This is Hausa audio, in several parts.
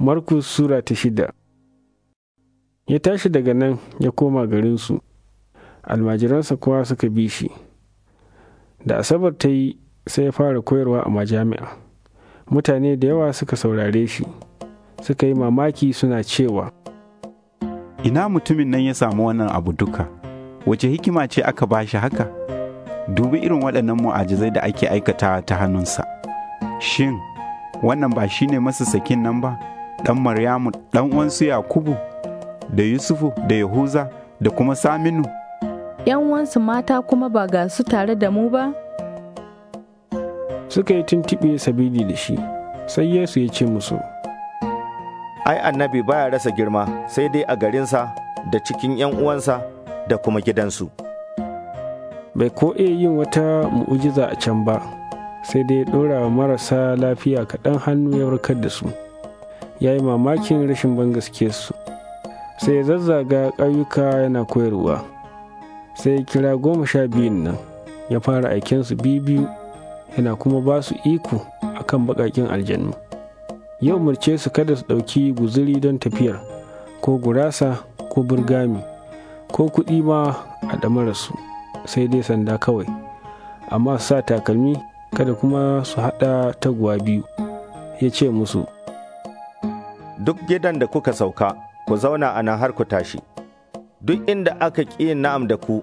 Markus Sura ta shida Ya tashi daga nan ya koma garinsu, almajiransa kowa suka bi shi. Da Asabar ta yi sai ya fara koyarwa a majami'a. Mutane da yawa suka saurare shi, suka yi mamaki suna cewa, Ina mutumin nan ya samu wannan abu duka, wace hikima ce aka ba shi haka? Dubi irin waɗannan mu'ajizai da ake aikata ta hannunsa. Shin, wannan ba shi ne masu sakin nan ba? ɗan Maryamu ɗan uwansu Yakubu da Yusufu da Yahuza da kuma Saminu. ‘Yan uwansu mata kuma ba ga su tare da mu ba? Suka yi tuntuɓe sabili da shi, sai Yesu ya ce musu. Ai, annabi baya rasa girma sai dai a garinsa da cikin ‘yan uwansa da kuma gidansu. Bai ko iya yin wata mu'ujiza a can ba, sai dai ɗora marasa lafiya kaɗan hannu ya warkar da su. ya yi mamakin rashin ban gaske su sai ya zazzaga ƙauyuka yana koyarwa sai ya kira goma sha biyun nan ya fara su biyu yana kuma ba su iko akan baƙaƙen aljanu ya umarce su kada su ɗauki guzuri don tafiyar ko gurasa ko burgami ko kuɗi ma a ɗamararsu sai dai sanda kawai amma su sa takalmi kada kuma su haɗa taguwa biyu ya ce musu duk gidan da kuka sauka, ku zauna a har ku tashi. Duk inda aka ƙi na'am da ku,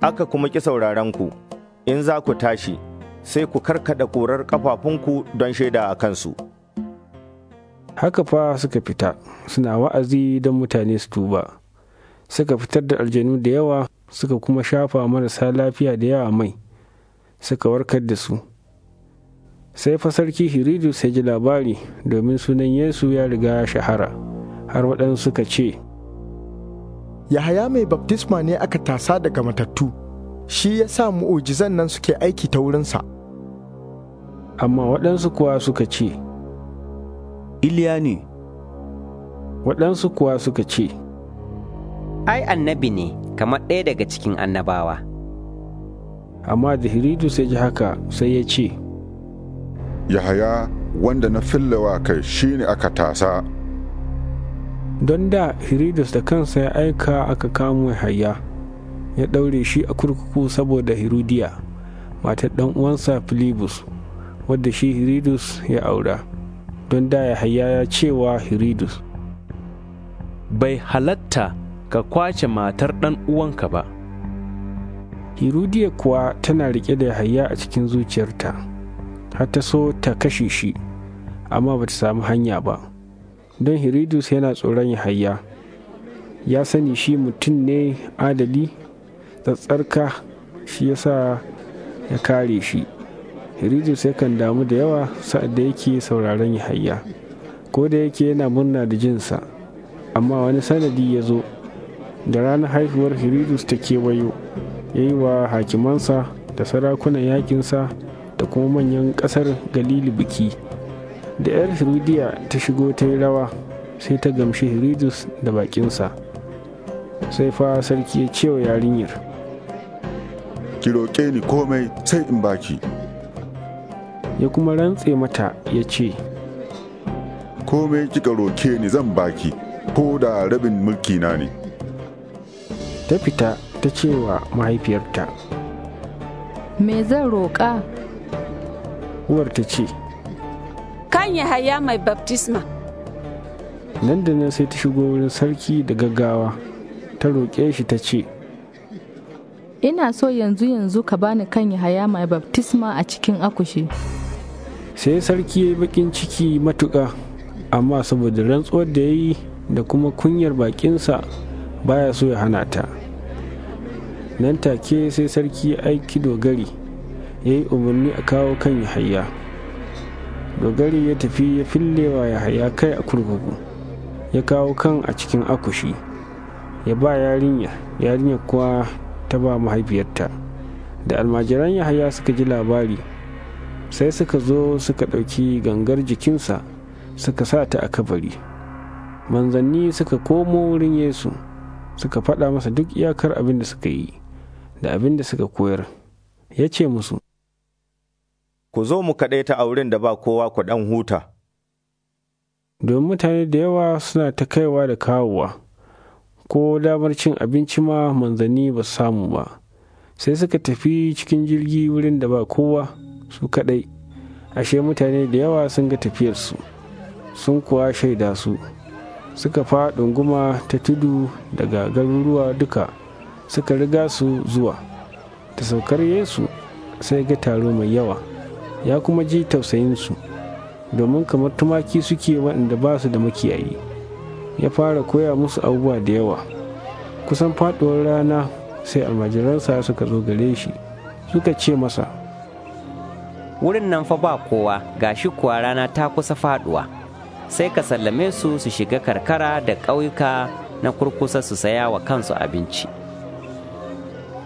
aka kuma ƙi sauraron ku, in za ku tashi, sai ku karkada ƙurar ƙafafunku don shaida a kansu. Haka fa suka fita, suna wa'azi don mutane su tuba. Suka fitar da aljanu da yawa, suka kuma shafa marasa lafiya da yawa mai, suka warkar da su. sai fa sarki hiridus ya ji labari domin sunan yesu ya riga shahara har waɗansu suka ce yahaya mai baftisma ne aka tasa daga matattu shi ya sa mu'ujizan nan suke aiki ta wurinsa amma waɗansu kuwa suka ce iliya ne waɗansu kuwa suka ce ai annabi ne kamar ɗaya daga cikin annabawa amma da hiridus ya ji haka sai ya ce yahaya wanda na fillawa kai shi ne aka tasa don da hiridus da kansa ya aika aka kamo yahaya ya ɗaure shi a kurkuku saboda hirudiya matar ɗan uwansa filibus wadda shi hiridus ya aura don da yahaya ya cewa hiridus bai halatta ka kwace matar ɗan uwanka ba hirudiya kuwa tana riƙe da yahaya a cikin zuciyarta. har ta so ta kashe shi amma ba ta samu hanya ba don hiridus yana tsoron ya hayya ya sani shi mutum ne adali tsatsarka shi ya sa ya kare shi hiridus yakan damu da yawa sa'ad da yake sauraron ya hayya ko da yake yana murna da jinsa amma wani sanadi ya zo da ranar haihuwar hiridus ta kewayo ya yi wa hakimansa da sarakunan yakinsa da kuma manyan kasar galili biki da yar hirudiya ta shigo ta yi rawa sai ta gamshi hiridus da bakinsa sai fa sarki ya cewa yarinyar ki roƙe ni komai sai in baki ya kuma rantse mata ya ce komai kika roƙe ni zan baki ko da rabin mulki na ne ta fita ta cewa mahaifiyarta me zan roƙa uwar ta ce kan ya haya mai baptisma nan da nan sai ta shigo wurin sarki da gaggawa ta roƙe shi ta ce ina so yanzu yanzu ka bani kan ya haya mai baptisma a cikin akushi sai sarki ya yi bakin ciki matuƙa amma saboda rantsuwar da ya yi da kuma kunyar bakinsa baya so ya hana ta nan take sai sarki ya aiki dogari ya yi umarni a kawo kan yahaya dogari ya tafi ya fillewa yahaya kai a kurkuku ya kawo kan a cikin akushi ya ba yarinya yarinya kuwa ta ba mahaifiyarta da almajiran yahaya suka ji labari sai suka zo suka ɗauki gangar jikinsa suka sa ta a kabari manzanni suka komo wurin yesu suka faɗa masa duk iyakar abin da suka yi da abin da suka koyar ya ce musu ku zo mu ta a wurin da ba kowa ku ɗan huta. Domin mutane da yawa suna ta kaiwa da kawowa, ko damar cin abinci ma manzanni ba samu ba, sai suka tafi cikin jirgi wurin da ba kowa su kaɗai, ashe mutane da yawa sun ga tafiyarsu, sun kuwa shaida su, suka fa ɗunguma ta tudu daga garuruwa duka, suka riga su zuwa, ta saukar Yesu sai ga taro mai yawa. ya kuma ji tausayinsu domin kamar tumaki suke waɗanda ba su da makiyayi ya fara koya musu abubuwa da yawa kusan faɗuwar rana sai almajiransa suka zo gare shi suka ce masa wurin nan fa ba kowa gashi kuwa rana ta kusa faɗuwa sai ka sallame su su shiga karkara da ƙauyuka na kurkusa su saya wa kansu abinci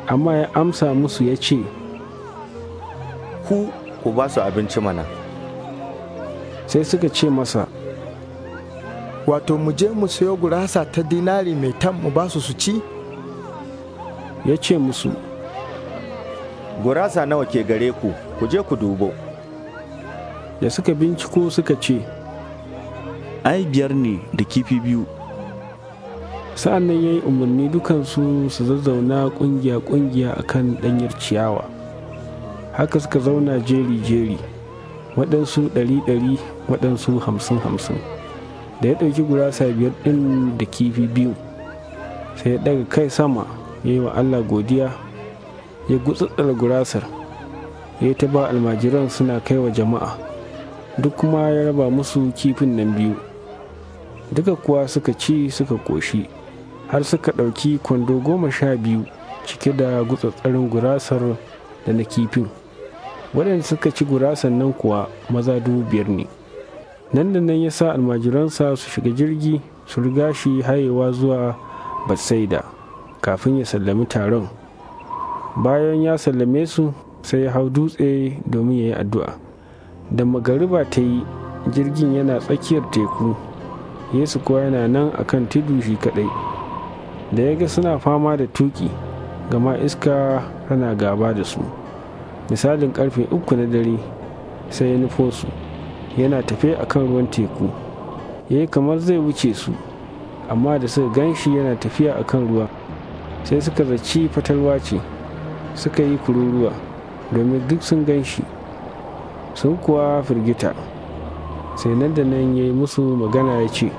amma ya amsa musu ya ce ku ku ba su abinci mana sai suka ce masa wato mu je mu sayo gurasa ta dinari mai tam mu ba su su ci ya ce musu gurasa nawa ke gare ku ku je ku dubo da suka binciko suka ce ai biyar ne da kifi biyu sa'an nan ya yi umarni dukansu su zazzauna ƙungiya-ƙungiya akan ɗanyar ciyawa haka suka zauna jeri-jeri waɗansu ɗari-ɗari waɗansu hamsin-hamsin da ya ɗauki gurasa biyar ɗin da kifi biyu sai ya ɗaga kai sama ya yi wa allah godiya ya gutsutsar gurasar ya ta ba almajiran suna kai wa jama'a duk kuma ya raba musu kifin nan biyu duka kuwa suka ci suka koshi har suka ɗauki kwando goma sha biyu cike da gutsatsarin gurasar da na kifin waɗanda suka ci gurasan nan kuwa maza dubu biyar ne nan da nan ya sa almajiransa su shiga jirgi su riga shi hayewa zuwa batsaida kafin ya sallami taron bayan ya sallame su sai ya hau dutse domin ya yi addu'a da magariba ta yi jirgin yana tsakiyar teku yesu kuwa yana nan akan tudu shi kadai da ya ga suna fama da tuki gama iska tana gaba da su misalin karfe uku na dare sai ya nufo su yana tafe a kan ruwan teku ya yi kamar zai wuce su amma da suka gan shi yana tafiya a kan ruwa sai suka zaci fatalwa ce suka yi kururuwa domin duk sun gan shi sun kuwa firgita sai nan da nan ya yi musu magana ya ce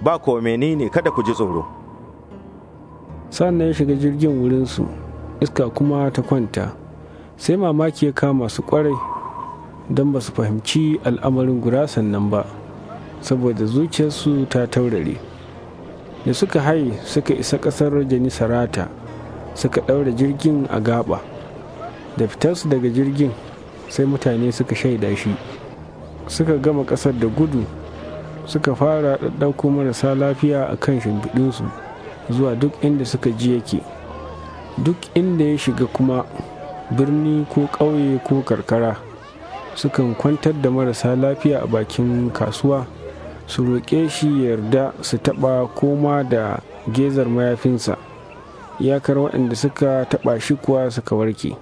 ba ko ne kada ku ji tsoro sannan ya shiga jirgin wurinsu iska kuma ta kwanta sai mamaki ya kama su kwarai don ba su fahimci al'amarin gurasan nan ba saboda zuciyarsu ta taurare da suka haye suka isa ƙasar Sarata suka ɗaura jirgin a gaba da fitarsu daga jirgin sai mutane suka shaida shi suka gama ƙasar da gudu suka fara ɗaɗɗauko marasa lafiya a kan shimfiɗinsu zuwa duk inda suka ji yake duk inda ya shiga kuma birni ko ƙauye ko karkara sukan kwantar da marasa lafiya a bakin kasuwa su roƙe shi yarda su taɓa koma da gezar mayafinsa iyakar waɗanda suka taɓa shi kuwa suka warke